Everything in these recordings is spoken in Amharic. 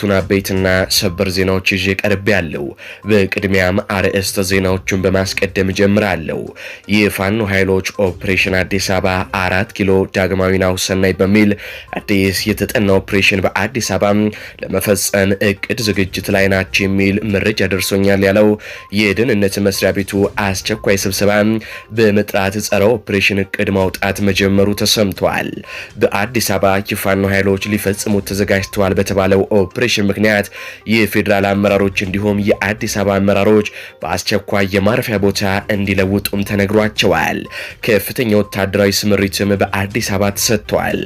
ቱን አበይትና ሰበር ዜናዎች ይዤ ቀርብ ያለው። በቅድሚያም አርዕስተ ዜናዎቹን በማስቀደም ጀምራለሁ። የፋኖ ኃይሎች ኦፕሬሽን አዲስ አበባ አራት ኪሎ ዳግማዊ ናሁሰናይ በሚል አዲስ የተጠና ኦፕሬሽን በአዲስ አበባ ለመፈጸም እቅድ ዝግጅት ላይ ናቸው የሚል መረጃ ደርሶኛል ያለው የደህንነት መስሪያ ቤቱ አስቸኳይ ስብሰባ በመጥራት ጸረ ኦፕሬሽን እቅድ ማውጣት መጀመሩ ተሰምቷል። በአዲስ አበባ የፋኖ ኃይሎች ሊፈጽሙት ተዘጋጅተዋል በተባለው ኦፕሬሽን ኦፕሬሽን ምክንያት የፌዴራል አመራሮች እንዲሁም የአዲስ አበባ አመራሮች በአስቸኳይ የማረፊያ ቦታ እንዲለውጡም ተነግሯቸዋል። ከፍተኛ ወታደራዊ ስምሪትም በአዲስ አበባ ተሰጥቷል።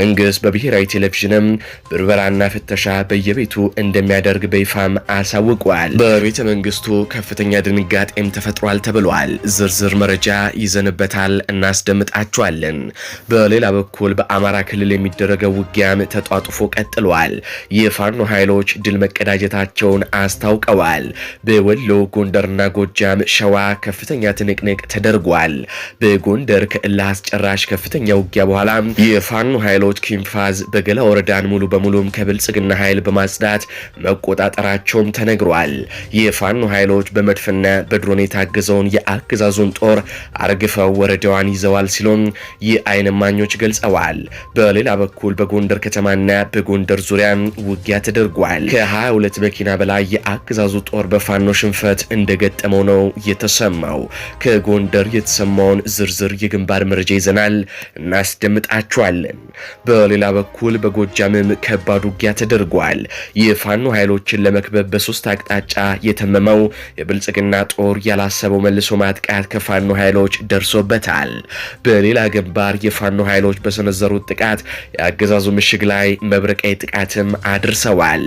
መንግስት በብሔራዊ ቴሌቪዥንም ብርበራና ፍተሻ በየቤቱ እንደሚያደርግ በይፋም አሳውቋል። በቤተ መንግስቱ ከፍተኛ ድንጋጤም ተፈጥሯል ተብሏል። ዝርዝር መረጃ ይዘንበታል፣ እናስደምጣችኋለን። በሌላ በኩል በአማራ ክልል የሚደረገው ውጊያም ተጧጡፎ ቀጥሏል። የፋኖ ኃይሎች ድል መቀዳጀታቸውን አስታውቀዋል። በወሎ ጎንደርና ጎጃም፣ ሸዋ ከፍተኛ ትንቅንቅ ተደርጓል። በጎንደር ከእልህ አስጨራሽ ከፍተኛ ውጊያ በኋላ የፋኖ ኃይሎች ኪንፋዝ በገላ ወረዳን ሙሉ በሙሉም ከብልጽግና ኃይል በማጽዳት መቆጣጠራቸውም ተነግሯል። የፋኖ ኃይሎች በመድፍና በድሮን የታገዘውን የአገዛዙን ጦር አርግፈው ወረዳዋን ይዘዋል ሲሉም የአይን እማኞች ገልጸዋል። በሌላ በኩል በጎንደር ከተማና በጎንደር ዙሪያ ውጊያ ተደርጓል። ከ22 መኪና በላይ የአገዛዙ ጦር በፋኖ ሽንፈት እንደገጠመው ነው የተሰማው። ከጎንደር የተሰማውን ዝርዝር የግንባር መረጃ ይዘናል፣ እናስደምጣችኋለን። በሌላ በኩል በጎጃምም ከባድ ውጊያ ተደርጓል። የፋኖ ኃይሎችን ለመክበብ በሶስት አቅጣጫ የተመመው የብልጽግና ጦር ያላሰበው መልሶ ማጥቃት ከፋኖ ኃይሎች ደርሶበታል። በሌላ ግንባር የፋኖ ኃይሎች በሰነዘሩት ጥቃት የአገዛዙ ምሽግ ላይ መብረቃዊ ጥቃትም አድርሰዋል። ተደርጓል።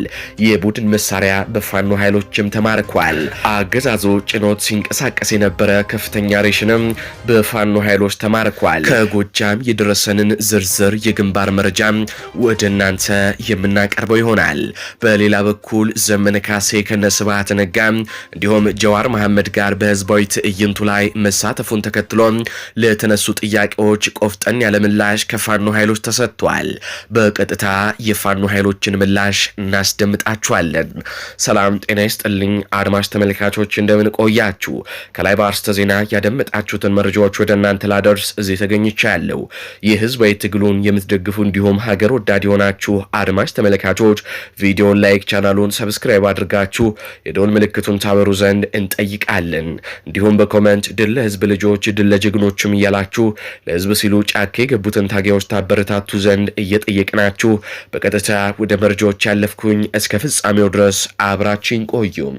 የቡድን መሳሪያ በፋኖ ኃይሎችም ተማርኳል። አገዛዙ ጭኖት ሲንቀሳቀስ የነበረ ከፍተኛ ሬሽንም በፋኖ ኃይሎች ተማርኳል። ከጎጃም የደረሰንን ዝርዝር የግንባር መረጃ ወደ እናንተ የምናቀርበው ይሆናል። በሌላ በኩል ዘመነ ካሴ ከነ ስብሃት ነጋ እንዲሁም ጀዋር መሐመድ ጋር በህዝባዊ ትዕይንቱ ላይ መሳተፉን ተከትሎ ለተነሱ ጥያቄዎች ቆፍጠን ያለ ምላሽ ከፋኖ ኃይሎች ተሰጥቷል። በቀጥታ የፋኖ ኃይሎችን ምላሽ እናስደምጣችኋለን። ሰላም ጤና ይስጥልኝ አድማጭ ተመልካቾች፣ እንደምን ቆያችሁ? ከላይ በአርስተ ዜና ያደመጣችሁትን መረጃዎች ወደ እናንተ ላደርስ እዚህ ተገኝቻለሁ። ይህ ህዝባዊ ትግሉን የምትደግፉ እንዲሁም ሀገር ወዳድ የሆናችሁ አድማጭ ተመልካቾች ቪዲዮን ላይክ፣ ቻናሉን ሰብስክራይብ አድርጋችሁ የደወል ምልክቱን ታበሩ ዘንድ እንጠይቃለን። እንዲሁም በኮመንት ድል ለህዝብ ልጆች፣ ድል ለጀግኖችም እያላችሁ ለህዝብ ሲሉ ጫካ የገቡትን ታጋዮች ታበረታቱ ዘንድ እየጠየቅናችሁ በቀጥታ ወደ መረጃዎች ያለ እያለፍኩኝ እስከ ፍጻሜው ድረስ አብራችኝ ቆዩም።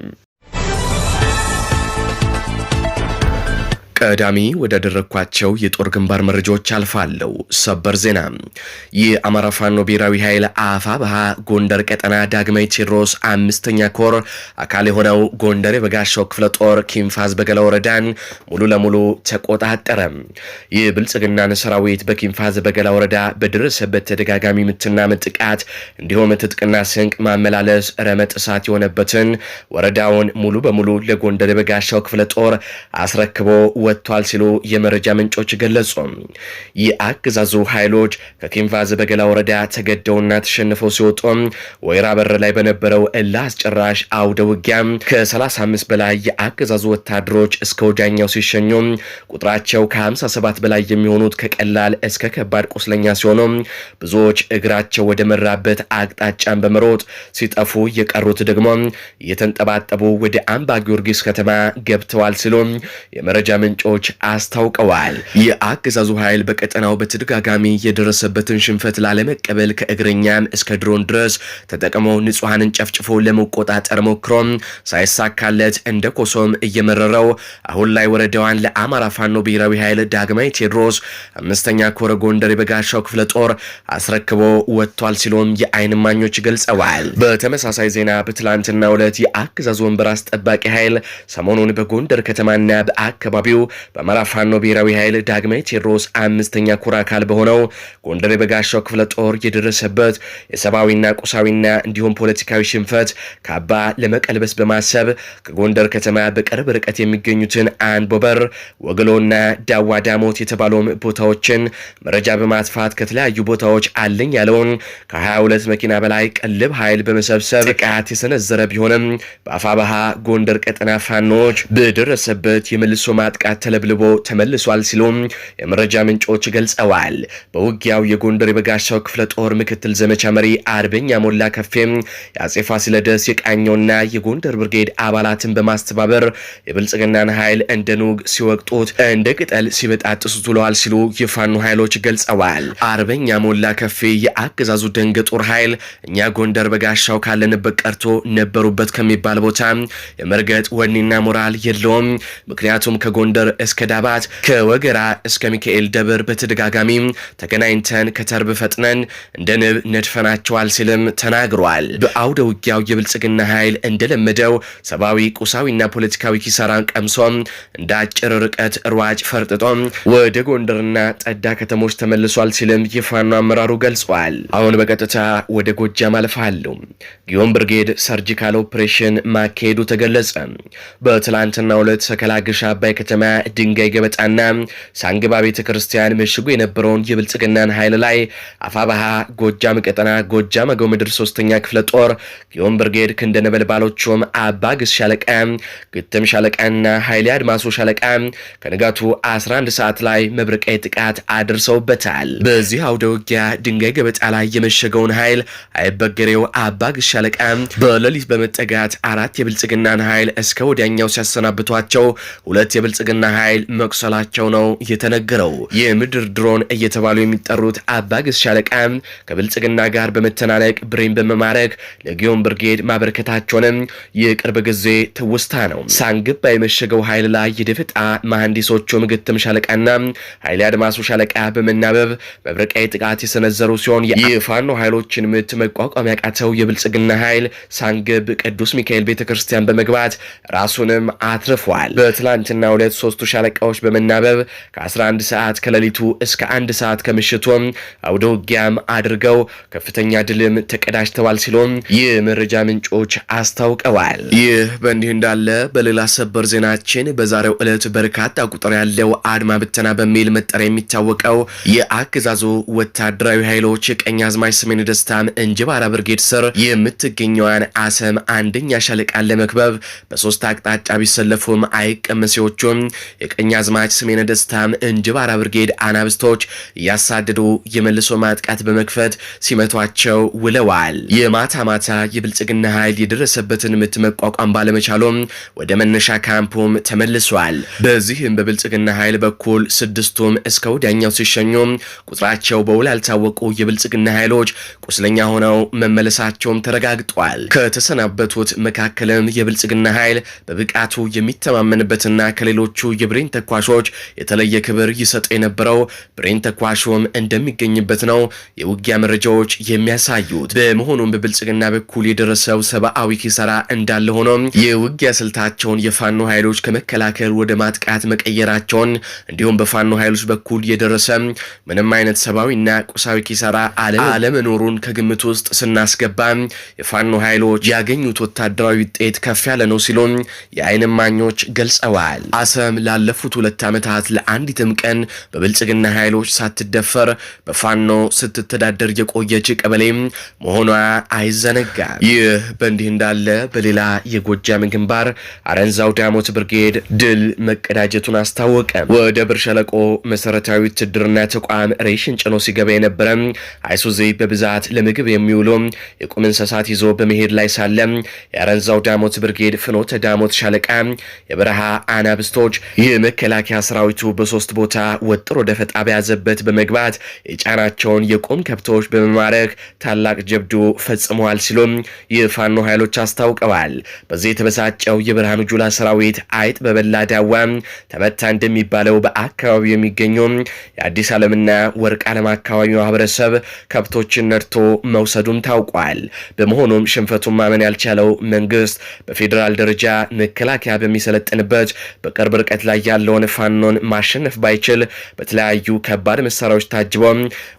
ቀዳሚ ወዳደረግኳቸው የጦር ግንባር መረጃዎች አልፋለሁ። ሰበር ዜና የአማራ ፋኖ ብሔራዊ ኃይል አፋ ባሃ ጎንደር ቀጠና ዳግማዊ ቴዎድሮስ አምስተኛ ኮር አካል የሆነው ጎንደር የበጋሻው ክፍለ ጦር ኪንፋዝ በገላ ወረዳን ሙሉ ለሙሉ ተቆጣጠረ። ይህ ሰራዊት በኪንፋዝ በገላ ወረዳ በደረሰበት ተደጋጋሚ ምትና ጥቃት እንዲሁም ትጥቅና ስንቅ ማመላለስ ረመጥ እሳት የሆነበትን ወረዳውን ሙሉ በሙሉ ለጎንደር የበጋሻው ክፍለ ጦር አስረክቦ ወጥቷል ሲሉ የመረጃ ምንጮች ገለጹ። የአገዛዙ ኃይሎች ከኪንቫዝ በገላ ወረዳ ተገደውና ተሸንፈው ሲወጡ ወይራ በር ላይ በነበረው እልህ አስጨራሽ አውደ ውጊያ ከ35 በላይ የአገዛዙ ወታደሮች እስከ ወጃኛው ሲሸኙ ቁጥራቸው ከ57 በላይ የሚሆኑት ከቀላል እስከ ከባድ ቁስለኛ ሲሆኑ ብዙዎች እግራቸው ወደ መራበት አቅጣጫን በመሮጥ ሲጠፉ የቀሩት ደግሞ እየተንጠባጠቡ ወደ አምባ ጊዮርጊስ ከተማ ገብተዋል ሲሉ የመረጃ ምንጮ ምንጮች አስታውቀዋል። የአገዛዙ ኃይል በቀጠናው በተደጋጋሚ የደረሰበትን ሽንፈት ላለመቀበል ከእግረኛም እስከ ድሮን ድረስ ተጠቅሞ ንጹሐንን ጨፍጭፎ ለመቆጣጠር ሞክሮም ሳይሳካለት እንደ ኮሶም እየመረረው አሁን ላይ ወረዳዋን ለአማራ ፋኖ ብሔራዊ ኃይል ዳግማዊ ቴዎድሮስ አምስተኛ ኮረ ጎንደር የበጋሻው ክፍለ ጦር አስረክቦ ወጥቷል ሲሉም የአይን ማኞች ገልጸዋል። በተመሳሳይ ዜና በትላንትና ዕለት የአገዛዙ ወንበር አስጠባቂ ኃይል ሰሞኑን በጎንደር ከተማና በአካባቢው በአማራ ፋኖ ብሔራዊ ኃይል ዳግማዊ ቴዎድሮስ አምስተኛ ኩራ አካል በሆነው ጎንደር የበጋሻው ክፍለ ጦር የደረሰበት የሰብአዊና ቁሳዊና እንዲሁም ፖለቲካዊ ሽንፈት ካባ ለመቀልበስ በማሰብ ከጎንደር ከተማ በቅርብ ርቀት የሚገኙትን አንቦበር፣ ወግሎና ዳዋ ዳሞት የተባለውም ቦታዎችን መረጃ በማጥፋት ከተለያዩ ቦታዎች አለኝ ያለውን ከ22 መኪና በላይ ቀልብ ኃይል በመሰብሰብ ጥቃት የሰነዘረ ቢሆንም በአፋባሃ ጎንደር ቀጠና ፋኖች በደረሰበት የመልሶ ማጥቃት ተለብልቦ ተመልሷል ሲሉም የመረጃ ምንጮች ገልጸዋል። በውጊያው የጎንደር የበጋሻው ክፍለ ጦር ምክትል ዘመቻ መሪ አርበኛ ሞላ ከፌም የአጼ ፋሲለደስ የቃኘውና የጎንደር ብርጌድ አባላትን በማስተባበር የብልጽግናን ኃይል እንደ ኑግ ሲወቅጡት እንደ ቅጠል ሲበጣጥሱት ውለዋል ሲሉ የፋኑ ኃይሎች ገልጸዋል። አርበኛ ሞላ ከፌ የአገዛዙ ደንገ ጦር ኃይል እኛ ጎንደር በጋሻው ካለንበት ቀርቶ ነበሩበት ከሚባል ቦታ የመርገጥ ወኔና ሞራል የለውም። ምክንያቱም ከጎንደር ከጎንደር እስከ ዳባት ከወገራ እስከ ሚካኤል ደብር በተደጋጋሚ ተገናኝተን ከተርብ ፈጥነን እንደ ንብ ነድፈናቸዋል ሲልም ተናግሯል። በአውደ ውጊያው የብልጽግና ኃይል እንደለመደው ሰብአዊ፣ ቁሳዊና ፖለቲካዊ ኪሳራን ቀምሶም እንደ አጭር ርቀት ሯጭ ፈርጥጦም ወደ ጎንደርና ጠዳ ከተሞች ተመልሷል ሲልም የፋኖ አመራሩ ገልጿል። አሁን በቀጥታ ወደ ጎጃም አልፋሉ። ጊዮን ብርጌድ ሰርጂካል ኦፕሬሽን ማካሄዱ ተገለጸ። በትላንትና ሁለት ሰከላ ግሽ አባይ ከተማ ድንጋይ ገበጣና ሳንግባ ቤተ ክርስቲያን መሽጎ የነበረውን የብልጽግናን ኃይል ላይ አፋባሃ ጎጃም ቀጠና ጎጃም አገው ምድር ሶስተኛ ክፍለ ጦር ጊዮን ብርጌድ ክንደነበልባሎቹም አባ ግስ ሻለቃ፣ ግትም ሻለቃና ኃይሌ አድማሶ ሻለቃ ከንጋቱ 11 ሰዓት ላይ መብረቃዊ ጥቃት አድርሰውበታል። በዚህ አውደ ውጊያ ድንጋይ ገበጣ ላይ የመሸገውን ኃይል አይበገሬው አባ ግስ ሻለቃ በሌሊት በመጠጋት አራት የብልጽግናን ኃይል እስከ ወዲያኛው ሲያሰናብቷቸው ሁለት የብልጽግና ዋና ኃይል መቁሰላቸው ነው የተነገረው። የምድር ድሮን እየተባሉ የሚጠሩት አባግስ ሻለቃ ከብልጽግና ጋር በመተናነቅ ብሬን በመማረክ ለጊዮን ብርጌድ ማበረከታቸውንም የቅርብ ጊዜ ትውስታ ነው። ሳንግባ የመሸገው ኃይል ላይ የደፈጣ መሐንዲሶቹ ምግትም ሻለቃና ኃይሌ አድማሱ ሻለቃ በመናበብ መብረቃዊ ጥቃት የሰነዘሩ ሲሆን የፋኖ ኃይሎችን ምት መቋቋም ያቃተው የብልጽግና ኃይል ሳንግብ ቅዱስ ሚካኤል ቤተክርስቲያን በመግባት ራሱንም አትርፏል። በትላንትና ሁለት ሶስቱ ሻለቃዎች በመናበብ ከ11 ሰዓት ከሌሊቱ እስከ አንድ ሰዓት ከምሽቱም አውደ ውጊያም አድርገው ከፍተኛ ድልም ተቀዳጅተዋል ሲሉም የመረጃ ምንጮች አስታውቀዋል። ይህ በእንዲህ እንዳለ በሌላ ሰበር ዜናችን በዛሬው ዕለት በርካታ ቁጥር ያለው አድማ ብተና በሚል መጠሪያ የሚታወቀው የአገዛዙ ወታደራዊ ኃይሎች አዝማሽ ስሜን ደስታም እንጅባራ ብርጌድ ስር የምትገኘዋን አሰም አንደኛ ሻለቃን ለመክበብ በሶስት አቅጣጫ ቢሰለፉም አይቀመሴዎቹም የቀኝ አዝማች ስሜነ ደስታም እንጅባራ ብርጌድ አናብስቶች እያሳደዱ የመልሶ ማጥቃት በመክፈት ሲመቷቸው ውለዋል። የማታ ማታ የብልጽግና ኃይል የደረሰበትን ምት መቋቋም ባለመቻሉም ወደ መነሻ ካምፑም ተመልሷል። በዚህም በብልጽግና ኃይል በኩል ስድስቱም እስከ ወዲያኛው ሲሸኙ ቁጥራቸው በውል ያልታወቁ የብልጽግና ኃይሎች ቁስለኛ ሆነው መመለሳቸውም ተረጋግጧል። ከተሰናበቱት መካከልም የብልጽግና ኃይል በብቃቱ የሚተማመንበትና ከሌሎቹ የብሬን ተኳሾች የተለየ ክብር ይሰጥ የነበረው ብሬን ተኳሾም እንደሚገኝበት ነው የውጊያ መረጃዎች የሚያሳዩት። በመሆኑም በብልጽግና በኩል የደረሰው ሰብአዊ ኪሳራ እንዳለ ሆኖም የውጊያ ስልታቸውን የፋኖ ኃይሎች ከመከላከል ወደ ማጥቃት መቀየራቸውን እንዲሁም በፋኖ ኃይሎች በኩል የደረሰ ምንም አይነት ሰብአዊና ቁሳዊ ኪሳራ አለመኖሩን ከግምት ውስጥ ስናስገባ የፋኖ ኃይሎች ያገኙት ወታደራዊ ውጤት ከፍ ያለ ነው ሲሉ የአይን እማኞች ገልጸዋል። አሰም ላለፉት ሁለት ዓመታት ለአንዲትም ቀን በብልጽግና ኃይሎች ሳትደፈር በፋኖ ስትተዳደር የቆየች ቀበሌ መሆኗ አይዘነጋም። ይህ በእንዲህ እንዳለ በሌላ የጎጃም ግንባር አረንዛው ዳሞት ብርጌድ ድል መቀዳጀቱን አስታወቀ። ወደ ብር ሸለቆ መሰረታዊ ውትድርና ተቋም ሬሽን ጭኖ ሲገባ የነበረ አይሱዜ በብዛት ለምግብ የሚውሉ የቁም እንስሳት ይዞ በመሄድ ላይ ሳለ የአረንዛው ዳሞት ብርጌድ ፍኖተ ዳሞት ሻለቃ የበረሃ አናብስቶች የመከላከያ ሰራዊቱ በሶስት ቦታ ወጥሮ ደፈጣ በያዘበት በመግባት የጫናቸውን የቁም ከብቶች በመማረክ ታላቅ ጀብዱ ፈጽመዋል ሲሉም የፋኖ ኃይሎች አስታውቀዋል። በዚህ የተበሳጨው የብርሃኑ ጁላ ሰራዊት አይጥ በበላ ዳዋ ተመታ እንደሚባለው በአካባቢው የሚገኙ የአዲስ ዓለምና ወርቅ ዓለም አካባቢ ማህበረሰብ ከብቶችን ነድቶ መውሰዱም ታውቋል። በመሆኑም ሽንፈቱን ማመን ያልቻለው መንግስት በፌዴራል ደረጃ መከላከያ በሚሰለጥንበት በቅርብ ርቀት በመዋጋት ላይ ያለውን ፋኖን ማሸነፍ ባይችል በተለያዩ ከባድ መሳሪያዎች ታጅቦ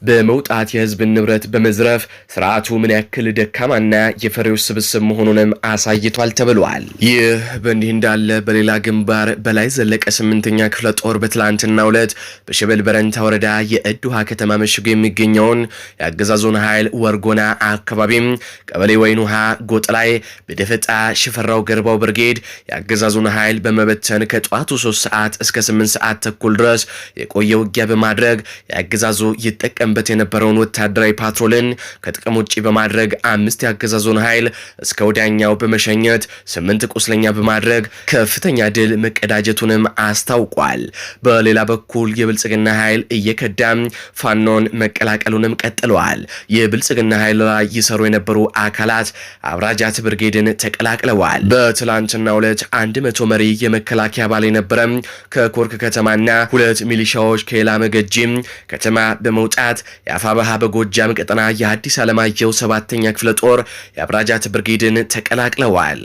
በመውጣት የህዝብን ንብረት በመዝረፍ ስርዓቱ ምን ያክል ደካማና የፈሪዎች ስብስብ መሆኑንም አሳይቷል ተብሏል። ይህ በእንዲህ እንዳለ በሌላ ግንባር በላይ ዘለቀ ስምንተኛ ክፍለ ጦር በትላንትናው ዕለት በሸበል በረንታ ወረዳ የእድ ውሃ ከተማ መሽጎ የሚገኘውን የአገዛዙን ኃይል ወርጎና አካባቢም ቀበሌ ወይን ውሃ ጎጥ ላይ በደፈጣ ሽፈራው ገርባው ብርጌድ የአገዛዙን ኃይል በመበተን ከጠዋቱ ሶስት ሰዓት እስከ 8 ሰዓት ተኩል ድረስ የቆየ ውጊያ በማድረግ የአገዛዙ ይጠቀምበት የነበረውን ወታደራዊ ፓትሮልን ከጥቅም ውጭ በማድረግ አምስት የአገዛዙን ኃይል እስከ ወዲያኛው በመሸኘት ስምንት ቁስለኛ በማድረግ ከፍተኛ ድል መቀዳጀቱንም አስታውቋል። በሌላ በኩል የብልጽግና ኃይል እየከዳም ፋኖን መቀላቀሉንም ቀጥለዋል። የብልጽግና ኃይል ላይ ይሰሩ የነበሩ አካላት አብራጃት ብርጌድን ተቀላቅለዋል። በትላንትና ሁለት አንድ መቶ መሪ የመከላከያ አባል የነበ ነበረ። ከኮርክ ከተማና ሁለት ሚሊሻዎች ከሌላ መገጂ ከተማ በመውጣት የአፋበሃ በጎጃም ቀጠና የአዲስ አለማየሁ ሰባተኛ ክፍለ ጦር የአብራጃት ብርጌድን ተቀላቅለዋል።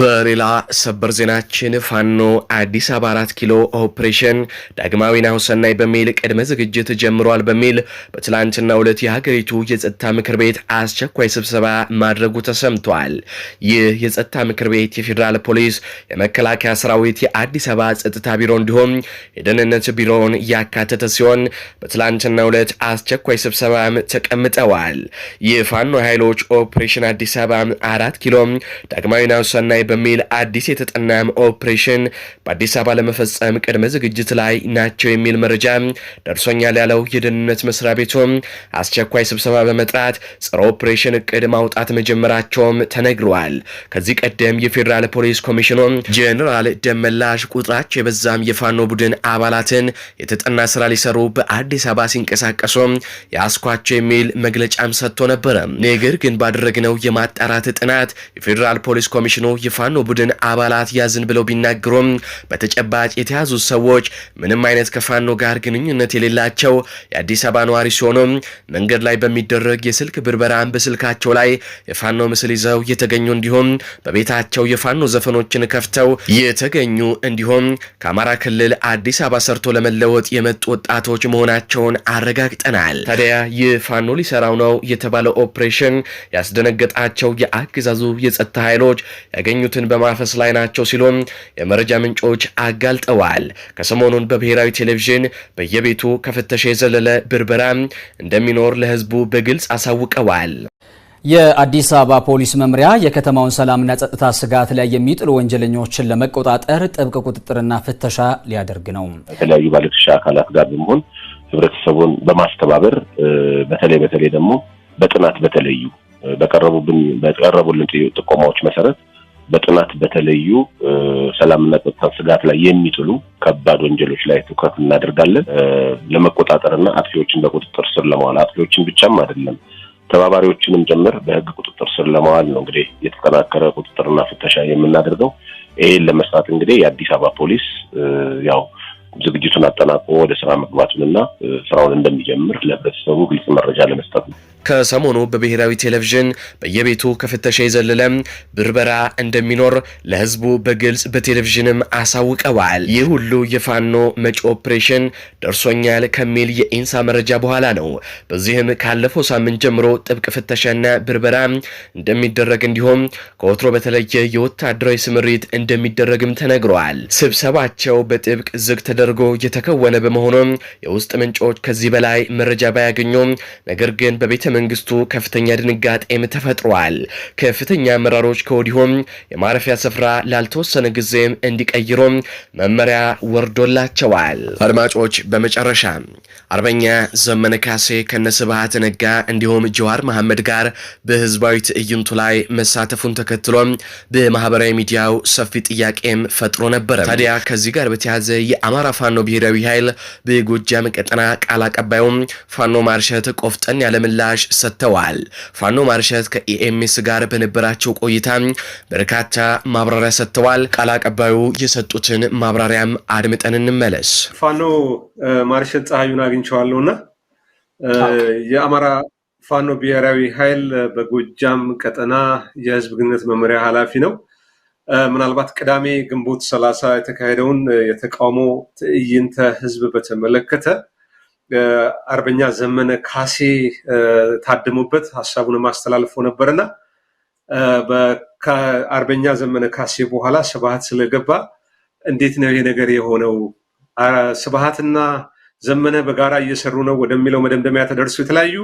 በሌላ ሰበር ዜናችን ፋኖ አዲስ አበባ አራት ኪሎ ኦፕሬሽን ዳግማዊ ናሁሰናይ በሚል ቅድመ ዝግጅት ጀምሯል በሚል በትላንትና ሁለት የሀገሪቱ የጸጥታ ምክር ቤት አስቸኳይ ስብሰባ ማድረጉ ተሰምቷል። ይህ የጸጥታ ምክር ቤት የፌዴራል ፖሊስ፣ የመከላከያ ሰራዊት፣ የአዲስ አበባ ጸጥታ ቢሮ እንዲሁም የደህንነት ቢሮውን ያካተተ ሲሆን በትላንትና ሁለት አስቸኳይ ስብሰባም ተቀምጠዋል። የፋኖ ኃይሎች ኦፕሬሽን አዲስ አበባ አራት ኪሎ ዳግማዊ ናሁሰናይ በሚል አዲስ የተጠናም ኦፕሬሽን በአዲስ አበባ ለመፈጸም ቅድመ ዝግጅት ላይ ናቸው የሚል መረጃ ደርሶኛል ያለው የደህንነት መስሪያ ቤቱም አስቸኳይ ስብሰባ በመጥራት ጸረ ኦፕሬሽን እቅድ ማውጣት መጀመራቸውም ተነግረዋል። ከዚህ ቀደም የፌዴራል ፖሊስ ኮሚሽኑ ጄኔራል ደመላሽ ቁጥራቸው የበዛም የፋኖ ቡድን አባላትን የተጠና ስራ ሊሰሩ በአዲስ አበባ ሲንቀሳቀሱ ያስኳቸው የሚል መግለጫም ሰጥቶ ነበረ። ነገር ግን ባደረግነው የማጣራት ጥናት የፌዴራል ፖሊስ ኮሚሽኑ የፋኖ ቡድን አባላት ያዝን ብለው ቢናገሩም በተጨባጭ የተያዙ ሰዎች ምንም አይነት ከፋኖ ጋር ግንኙነት የሌላቸው የአዲስ አበባ ነዋሪ ሲሆኑ መንገድ ላይ በሚደረግ የስልክ ብርበራን በስልካቸው ላይ የፋኖ ምስል ይዘው የተገኙ እንዲሁም በቤታቸው የፋኖ ዘፈኖችን ከፍተው የተገኙ እንዲሁም ከአማራ ክልል አዲስ አበባ ሰርቶ ለመለወጥ የመጡ ወጣቶች መሆናቸውን አረጋግጠናል። ታዲያ ይህ ፋኖ ሊሰራው ነው የተባለ ኦፕሬሽን ያስደነገጣቸው የአገዛዙ የጸጥታ ኃይሎች ያገኙ የተገኙትን በማፈስ ላይ ናቸው ሲሉም የመረጃ ምንጮች አጋልጠዋል። ከሰሞኑን በብሔራዊ ቴሌቪዥን በየቤቱ ከፍተሻ የዘለለ ብርበራ እንደሚኖር ለህዝቡ በግልጽ አሳውቀዋል። የአዲስ አበባ ፖሊስ መምሪያ የከተማውን ሰላምና ጸጥታ ስጋት ላይ የሚጥሉ ወንጀለኞችን ለመቆጣጠር ጥብቅ ቁጥጥርና ፍተሻ ሊያደርግ ነው። የተለያዩ ባለድርሻ አካላት ጋር በመሆን ህብረተሰቡን በማስተባበር በተለይ በተለይ ደግሞ በጥናት በተለዩ በቀረቡልን ጥቆማዎች መሰረት በጥናት በተለዩ ሰላምና ጸጥታን ስጋት ላይ የሚጥሉ ከባድ ወንጀሎች ላይ ትኩረት እናደርጋለን። ለመቆጣጠርና አጥፊዎችን በቁጥጥር ስር ለማዋል አጥፊዎችን ብቻም አይደለም ተባባሪዎችንም ጭምር በህግ ቁጥጥር ስር ለማዋል ነው እንግዲህ የተጠናከረ ቁጥጥርና ፍተሻ የምናደርገው። ይሄን ለመስራት እንግዲህ የአዲስ አበባ ፖሊስ ያው ዝግጅቱን አጠናቆ ወደ ስራ መግባቱንና ስራውን እንደሚጀምር ለህብረተሰቡ ግልጽ መረጃ ለመስጠት ነው። ከሰሞኑ በብሔራዊ ቴሌቪዥን በየቤቱ ከፍተሻ የዘለለ ብርበራ እንደሚኖር ለህዝቡ በግልጽ በቴሌቪዥንም አሳውቀዋል። ይህ ሁሉ የፋኖ መጪ ኦፕሬሽን ደርሶኛል ከሚል የኢንሳ መረጃ በኋላ ነው። በዚህም ካለፈው ሳምንት ጀምሮ ጥብቅ ፍተሻና ብርበራ እንደሚደረግ እንዲሁም ከወትሮ በተለየ የወታደራዊ ስምሪት እንደሚደረግም ተነግረዋል። ስብሰባቸው በጥብቅ ዝግ ተደርጎ የተከወነ በመሆኑም የውስጥ ምንጮች ከዚህ በላይ መረጃ ባያገኙም ነገር ግን በቤተ በመንግስቱ ከፍተኛ ድንጋጤም ተፈጥሯል። ከፍተኛ አመራሮች ከወዲሁም የማረፊያ ስፍራ ላልተወሰነ ጊዜም እንዲቀይሩም መመሪያ ወርዶላቸዋል። አድማጮች፣ በመጨረሻ አርበኛ ዘመነ ካሴ ከነስብሃት ነጋ እንዲሁም ጀዋር መሐመድ ጋር በህዝባዊ ትዕይንቱ ላይ መሳተፉን ተከትሎም በማህበራዊ ሚዲያው ሰፊ ጥያቄም ፈጥሮ ነበረ። ታዲያ ከዚህ ጋር በተያያዘ የአማራ ፋኖ ብሔራዊ ኃይል በጎጃም ቀጠና ቃል አቀባዩም ፋኖ ማርሸት ቆፍጠን ያለምላሽ ምላሽ ሰጥተዋል። ፋኖ ማርሸት ከኢኤምኤስ ጋር በነበራቸው ቆይታ በርካታ ማብራሪያ ሰጥተዋል። ቃል አቀባዩ የሰጡትን ማብራሪያም አድምጠን እንመለስ። ፋኖ ማርሸት ፀሐዩን አግኝቸዋለሁና የአማራ ፋኖ ብሔራዊ ኃይል በጎጃም ቀጠና የህዝብ ግንኙነት መመሪያ ኃላፊ ነው። ምናልባት ቅዳሜ ግንቦት ሰላሳ የተካሄደውን የተቃውሞ ትዕይንተ ህዝብ በተመለከተ አርበኛ ዘመነ ካሴ ታድሞበት ሀሳቡን ማስተላልፎ ነበርና ከአርበኛ ዘመነ ካሴ በኋላ ስብሃት ስለገባ እንዴት ነው ይሄ ነገር የሆነው? ስብሃትና ዘመነ በጋራ እየሰሩ ነው ወደሚለው መደምደሚያ ተደርሱ የተለያዩ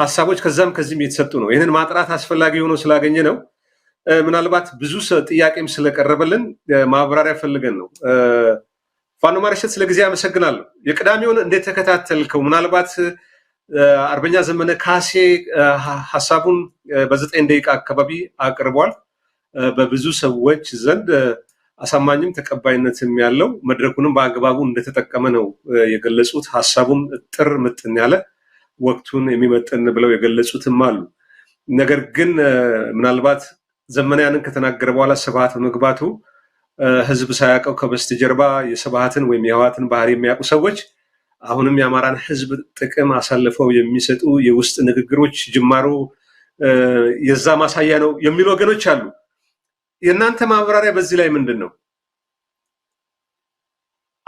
ሀሳቦች ከዛም ከዚህም እየተሰጡ ነው። ይህንን ማጥራት አስፈላጊ ሆኖ ስላገኘ ነው። ምናልባት ብዙ ጥያቄም ስለቀረበልን ማብራሪያ ፈልገን ነው። ፋኖ ማርሸት ስለ ጊዜ አመሰግናለሁ። የቅዳሜውን እንዴት ተከታተልከው? ምናልባት አርበኛ ዘመነ ካሴ ሀሳቡን በዘጠኝ ደቂቃ አካባቢ አቅርቧል። በብዙ ሰዎች ዘንድ አሳማኝም ተቀባይነትም ያለው መድረኩንም በአግባቡ እንደተጠቀመ ነው የገለጹት። ሀሳቡም ጥር ምጥን ያለ ወቅቱን የሚመጥን ብለው የገለጹትም አሉ። ነገር ግን ምናልባት ዘመነ ያንን ከተናገረ በኋላ ስብት በመግባቱ ህዝብ ሳያውቀው ከበስተጀርባ የስብሃትን ወይም የህዋትን ባህሪ የሚያውቁ ሰዎች አሁንም የአማራን ህዝብ ጥቅም አሳልፈው የሚሰጡ የውስጥ ንግግሮች ጅማሮ የዛ ማሳያ ነው የሚሉ ወገኖች አሉ። የእናንተ ማብራሪያ በዚህ ላይ ምንድን ነው?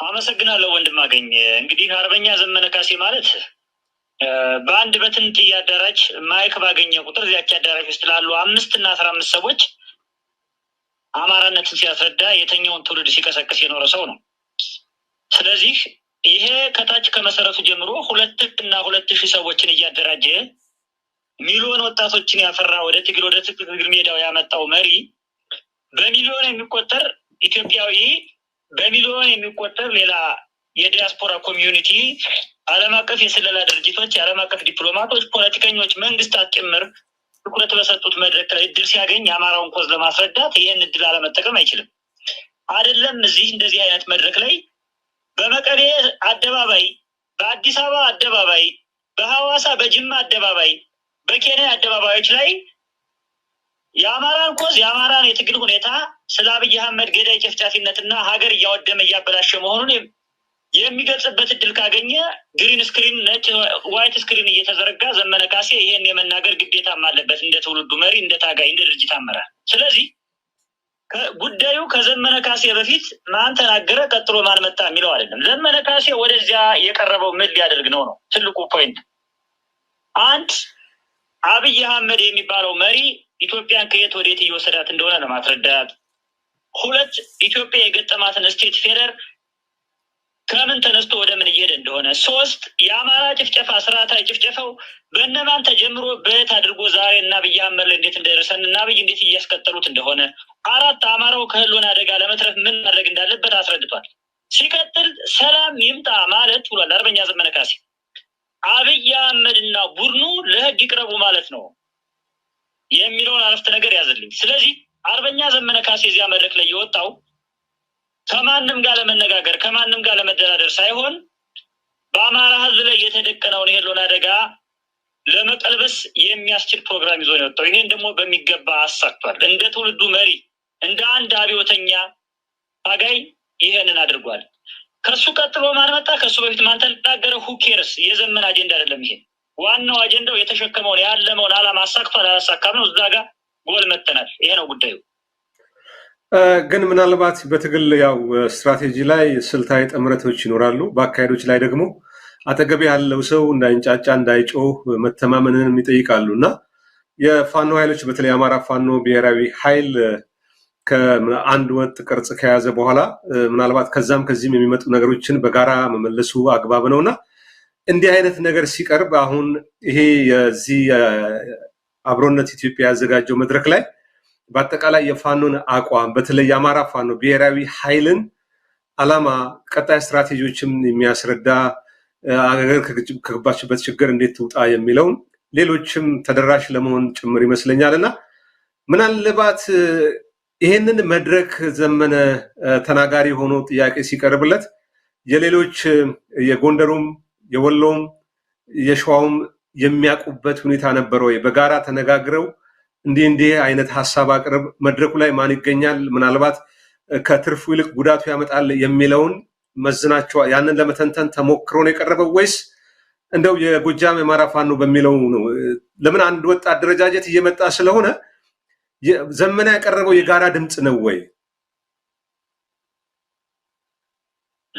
አመሰግናለሁ ወንድም አገኝ። እንግዲህ አርበኛ ዘመነ ካሴ ማለት በአንድ በትንት አዳራሽ ማይክ ባገኘ ቁጥር እዚያች አዳራሽ ውስጥ ላሉ አምስት እና አስራ አምስት ሰዎች አማራነትን ሲያስረዳ የተኛውን ትውልድ ሲቀሰቅስ የኖረ ሰው ነው። ስለዚህ ይሄ ከታች ከመሰረቱ ጀምሮ ሁለት እና ሁለት ሺህ ሰዎችን እያደራጀ ሚሊዮን ወጣቶችን ያፈራ ወደ ትግል ወደ ትግል ሜዳው ያመጣው መሪ በሚሊዮን የሚቆጠር ኢትዮጵያዊ በሚሊዮን የሚቆጠር ሌላ የዲያስፖራ ኮሚዩኒቲ፣ ዓለም አቀፍ የስለላ ድርጅቶች፣ የዓለም አቀፍ ዲፕሎማቶች፣ ፖለቲከኞች፣ መንግስታት ጭምር ትኩረት በሰጡት መድረክ ላይ እድል ሲያገኝ የአማራውን ኮዝ ለማስረዳት ይህን እድል አለመጠቀም አይችልም። አይደለም እዚህ እንደዚህ አይነት መድረክ ላይ በመቀሌ አደባባይ፣ በአዲስ አበባ አደባባይ፣ በሐዋሳ በጅማ አደባባይ፣ በኬንያ አደባባዮች ላይ የአማራን ኮዝ የአማራን የትግል ሁኔታ ስለ አብይ አህመድ ገዳይ ጨፍጫፊነትና ሀገር እያወደመ እያበላሸ መሆኑን የሚገልጽበት እድል ካገኘ ግሪን ስክሪን ነጭ ዋይት ስክሪን እየተዘረጋ ዘመነ ካሴ ይሄን የመናገር ግዴታም አለበት እንደ ትውልዱ መሪ፣ እንደ ታጋይ፣ እንደ ድርጅት አመራር። ስለዚህ ጉዳዩ ከዘመነ ካሴ በፊት ማን ተናገረ፣ ቀጥሎ ማን መጣ የሚለው አይደለም። ዘመነ ካሴ ወደዚያ የቀረበው ምን ሊያደርግ ነው ነው ትልቁ ፖይንት። አንድ አብይ አህመድ የሚባለው መሪ ኢትዮጵያን ከየት ወዴት እየወሰዳት እንደሆነ ለማስረዳት፣ ሁለት ኢትዮጵያ የገጠማትን ስቴት ፌደር ከምን ተነስቶ ወደ ምን እየሄደ እንደሆነ፣ ሶስት የአማራ ጭፍጨፋ ስርዓታዊ ጭፍጨፋው በእነማን ተጀምሮ በየት አድርጎ ዛሬ እና አብይ አህመድ ላይ እንዴት እንደደረሰን እና አብይ እንዴት እያስቀጠሉት እንደሆነ፣ አራት አማራው ከህሉን አደጋ ለመትረፍ ምን ማድረግ እንዳለበት አስረድቷል። ሲቀጥል ሰላም ይምጣ ማለት ብሏል። አርበኛ ዘመነ ካሴ አብይ አህመድና ቡድኑ ለህግ ይቅረቡ ማለት ነው የሚለውን አረፍተ ነገር ያዘልኝ። ስለዚህ አርበኛ ዘመነ ካሴ እዚያ መድረክ ላይ የወጣው ከማንም ጋር ለመነጋገር ከማንም ጋር ለመደራደር ሳይሆን በአማራ ህዝብ ላይ የተደቀነውን የህልውና አደጋ ለመቀልበስ የሚያስችል ፕሮግራም ይዞ ነው የወጣው። ይሄን ደግሞ በሚገባ አሳክቷል። እንደ ትውልዱ መሪ፣ እንደ አንድ አብዮተኛ ታጋይ ይሄንን አድርጓል። ከሱ ቀጥሎ ማን መጣ? ከሱ በፊት ማን ተናገረ? ሁኬርስ የዘመን አጀንዳ አይደለም። ይሄ ዋናው አጀንዳው የተሸከመውን ያለመውን አላማ አሳክቷል አላሳካም ነው። እዛ ጋር ጎል መተናል። ይሄ ነው ጉዳዩ። ግን ምናልባት በትግል ያው ስትራቴጂ ላይ ስልታዊ ጥምረቶች ይኖራሉ። በአካሄዶች ላይ ደግሞ አጠገብ ያለው ሰው እንዳይንጫጫ፣ እንዳይጮህ መተማመንንም ይጠይቃሉ እና የፋኖ ኃይሎች በተለይ አማራ ፋኖ ብሔራዊ ኃይል ከአንድ ወጥ ቅርጽ ከያዘ በኋላ ምናልባት ከዛም ከዚህም የሚመጡ ነገሮችን በጋራ መመለሱ አግባብ ነው እና እንዲህ አይነት ነገር ሲቀርብ አሁን ይሄ የዚህ አብሮነት ኢትዮጵያ ያዘጋጀው መድረክ ላይ በአጠቃላይ የፋኖን አቋም በተለይ የአማራ ፋኖ ብሔራዊ ኃይልን አላማ ቀጣይ ስትራቴጂዎችም የሚያስረዳ አገር ከገባችበት ችግር እንዴት ትውጣ የሚለውን ሌሎችም ተደራሽ ለመሆን ጭምር ይመስለኛል እና ምናልባት ይህንን መድረክ ዘመነ ተናጋሪ ሆኖ ጥያቄ ሲቀርብለት የሌሎች የጎንደሩም የወሎም የሸዋውም የሚያውቁበት ሁኔታ ነበረ ወይ በጋራ ተነጋግረው እንዲህ እንዲህ አይነት ሀሳብ አቅርብ፣ መድረኩ ላይ ማን ይገኛል፣ ምናልባት ከትርፉ ይልቅ ጉዳቱ ያመጣል የሚለውን መዝናቸው ያንን ለመተንተን ተሞክሮ ነው የቀረበው ወይስ እንደው የጎጃም የአማራ ፋኖ በሚለው ነው? ለምን አንድ ወጥ አደረጃጀት እየመጣ ስለሆነ ዘመና ያቀረበው የጋራ ድምፅ ነው ወይ?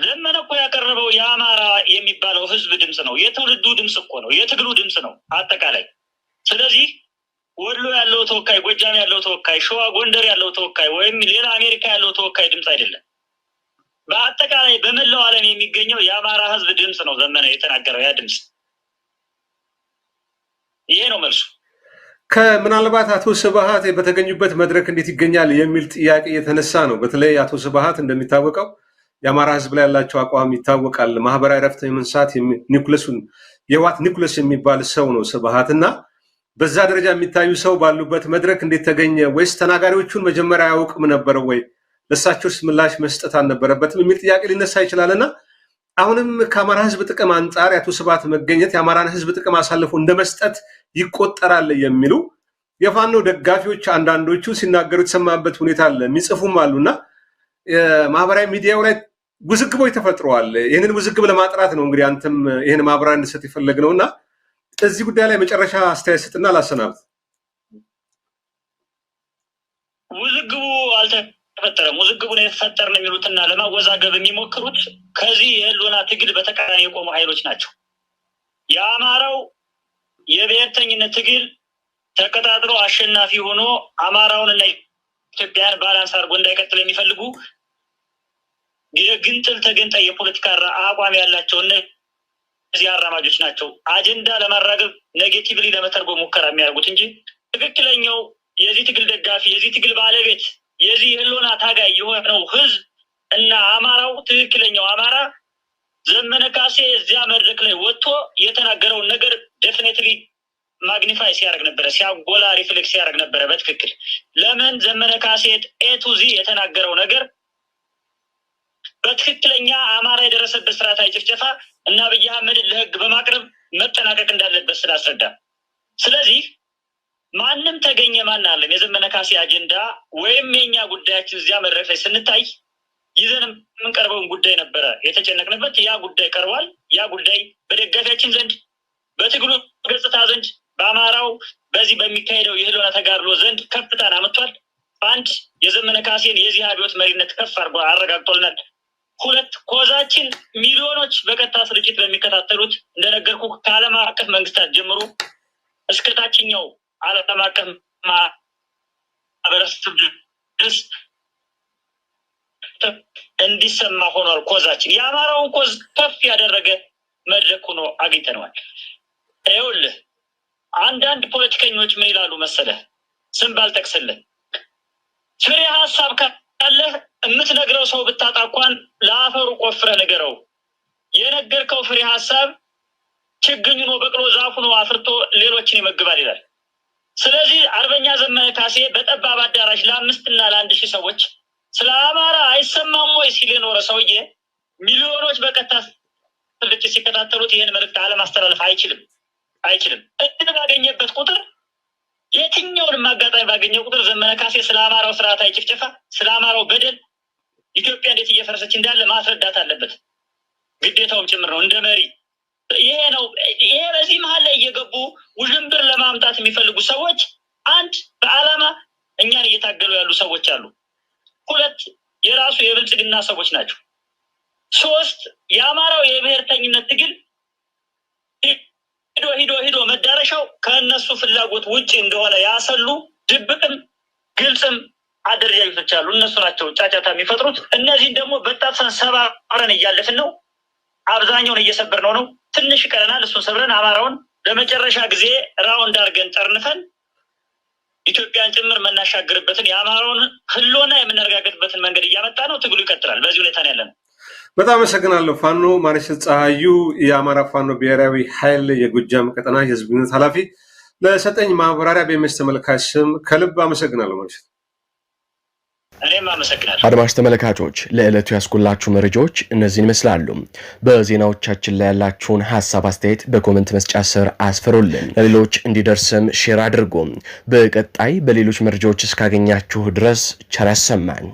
ዘመነ እኮ ያቀረበው የአማራ የሚባለው ህዝብ ድምፅ ነው። የትውልዱ ድምፅ እኮ ነው። የትግሉ ድምፅ ነው አጠቃላይ። ስለዚህ ወሎ ያለው ተወካይ፣ ጎጃም ያለው ተወካይ፣ ሸዋ ጎንደር ያለው ተወካይ ወይም ሌላ አሜሪካ ያለው ተወካይ ድምፅ አይደለም። በአጠቃላይ በመላው ዓለም የሚገኘው የአማራ ህዝብ ድምፅ ነው። ዘመነ የተናገረው ያ ድምፅ ይሄ ነው መልሱ። ከምናልባት አቶ ስብሃት በተገኙበት መድረክ እንዴት ይገኛል የሚል ጥያቄ የተነሳ ነው። በተለይ አቶ ስብሀት እንደሚታወቀው የአማራ ህዝብ ላይ ያላቸው አቋም ይታወቃል። ማህበራዊ ረፍት የምንሳት ኒኩለሱን የህዋት ኒኩለስ የሚባል ሰው ነው ስብሀት እና በዛ ደረጃ የሚታዩ ሰው ባሉበት መድረክ እንዴት ተገኘ? ወይስ ተናጋሪዎቹን መጀመሪያ አያውቅም ነበረው ወይ? ለእሳቸውስ ምላሽ መስጠት አልነበረበትም የሚል ጥያቄ ሊነሳ ይችላልና አሁንም ከአማራ ሕዝብ ጥቅም አንጻር የአቶ ስብሃት መገኘት የአማራን ሕዝብ ጥቅም አሳልፎ እንደ መስጠት ይቆጠራል የሚሉ የፋኖ ደጋፊዎች አንዳንዶቹ ሲናገሩ የተሰማበት ሁኔታ አለ። የሚጽፉም አሉና ማህበራዊ ሚዲያው ላይ ውዝግቦች ተፈጥረዋል። ይህንን ውዝግብ ለማጥራት ነው እንግዲህ አንተም ይህን ማብራሪያ እንድሰጥ እና እዚህ ጉዳይ ላይ መጨረሻ አስተያየት ስጥና ላሰናብት። ውዝግቡ አልተፈጠረም። ነው የተፈጠር ነው የሚሉትና ለማወዛገብ የሚሞክሩት ከዚህ የህልውና ትግል በተቃራኒ የቆሙ ኃይሎች ናቸው። የአማራው የብሔርተኝነት ትግል ተቀጣጥሎ አሸናፊ ሆኖ አማራውን እና ኢትዮጵያን ባላንስ አድርጎ እንዳይቀጥል የሚፈልጉ የግንጥል ተገንጣይ የፖለቲካ አቋም ያላቸው እነ እዚህ አራማጆች ናቸው አጀንዳ ለማራገብ ኔጌቲቭሊ ለመተርጎ ሙከራ የሚያደርጉት እንጂ ትክክለኛው የዚህ ትግል ደጋፊ የዚህ ትግል ባለቤት የዚህ የህልውና ታጋይ የሆነው ህዝብ እና አማራው ትክክለኛው አማራ ዘመነ ካሴ እዚያ መድረክ ላይ ወጥቶ የተናገረውን ነገር ዴፊኔትሊ ማግኒፋይ ሲያደርግ ነበረ፣ ሲያጎላ ሪፍሌክስ ሲያደርግ ነበረ። በትክክል ለምን ዘመነ ካሴ ዚ የተናገረው ነገር በትክክለኛ አማራ የደረሰበት ስርዓታዊ ጭፍጨፋ እና አብይ አህመድን ለህግ በማቅረብ መጠናቀቅ እንዳለበት ስላስረዳ፣ ስለዚህ ማንም ተገኘ ማን አለም የዘመነ ካሴ አጀንዳ ወይም የኛ ጉዳያችን እዚያ መድረክ ላይ ስንታይ ይዘን የምንቀርበውን ጉዳይ ነበረ የተጨነቅንበት። ያ ጉዳይ ቀርቧል። ያ ጉዳይ በደጋፊያችን ዘንድ፣ በትግሉ ገጽታ ዘንድ፣ በአማራው በዚህ በሚካሄደው የህልውና ተጋድሎ ዘንድ ከፍታን አመቷል። አንድ የዘመነ ካሴን የዚህ አብዮት መሪነት ከፍ አድርጎ አረጋግጦልናል። ሁለት ኮዛችን ሚሊዮኖች በቀጥታ ስርጭት በሚከታተሉት እንደነገርኩ ከዓለም አቀፍ መንግስታት ጀምሮ እስከ ታችኛው ዓለም አቀፍ ማህበረሰብ ድረስ እንዲሰማ ሆኗል። ኮዛችን የአማራውን ኮዝ ከፍ ያደረገ መድረክ ሆኖ አግኝተነዋል። ይኸውልህ አንዳንድ ፖለቲከኞች ምን ይላሉ መሰለህ፣ ስም ባልጠቅስልህ ፍሬ ሀሳብ ካለህ የምትነግረው ሰው ብታጣ እንኳን ለአፈሩ ቆፍረ ነገረው። የነገርከው ፍሬ ሀሳብ ችግኝ ሆኖ በቅሎ ዛፉ ነው አፍርቶ ሌሎችን ይመግባል ይላል። ስለዚህ አርበኛ ዘመነ ካሴ በጠባብ አዳራሽ ለአምስትና ለአንድ ሺህ ሰዎች ስለ አማራ አይሰማም ወይ ሲል የኖረ ሰውዬ ሚሊዮኖች በቀጥታ ስርጭት ሲከታተሉት ይህን መልእክት አለማስተላለፍ አይችልም አይችልም። እድል ባገኘበት ቁጥር የትኛውንም አጋጣሚ ባገኘው ቁጥር ዘመነ ካሴ ስለ አማራው ስርዓታዊ ጭፍጨፋ፣ ስለ አማራው በደል፣ ኢትዮጵያ እንዴት እየፈረሰች እንዳለ ማስረዳት አለበት፣ ግዴታውም ጭምር ነው እንደ መሪ። ይሄ ነው ይሄ በዚህ መሀል ላይ እየገቡ ውዥንብር ለማምጣት የሚፈልጉ ሰዎች አንድ በዓላማ እኛን እየታገሉ ያሉ ሰዎች አሉ። ሁለት የራሱ የብልጽግና ሰዎች ናቸው። ሶስት የአማራው የብሔርተኝነት ትግል ሂዶ ሂዶ ሂዶ መዳረሻው ከእነሱ ፍላጎት ውጭ እንደሆነ ያሰሉ ድብቅም ግልጽም አደረጃጀቶች አሉ። እነሱ ናቸው ጫጫታ የሚፈጥሩት። እነዚህን ደግሞ በጣም ሰባብረን እያለፍን ነው። አብዛኛውን እየሰበር ነው ነው ትንሽ ቀረናል። እሱን ሰብረን አማራውን ለመጨረሻ ጊዜ ራውንድ አድርገን ጠርንፈን ኢትዮጵያን ጭምር መናሻግርበትን የአማራውን ህልውና የምናረጋግጥበትን መንገድ እያመጣ ነው። ትግሉ ይቀጥላል። በዚህ ሁኔታ ነው ያለ ነው። በጣም አመሰግናለሁ። ፋኖ ማርሻል ፀሐዩ የአማራ ፋኖ ብሔራዊ ኃይል የጎጃም ቀጠና የህዝብ ግንኙነት ኃላፊ ለሰጠኝ ማብራሪያ በሚስ ተመልካች ስም ከልብ አመሰግናለሁ። ማርሻል አድማሽ ተመልካቾች ለዕለቱ ያስኩላችሁ መረጃዎች እነዚህን ይመስላሉ። በዜናዎቻችን ላይ ያላችሁን ሀሳብ አስተያየት በኮመንት መስጫ ስር አስፈሩልን፣ ለሌሎች እንዲደርስም ሼር አድርጉ። በቀጣይ በሌሎች መረጃዎች እስካገኛችሁ ድረስ ቸር ያሰማን።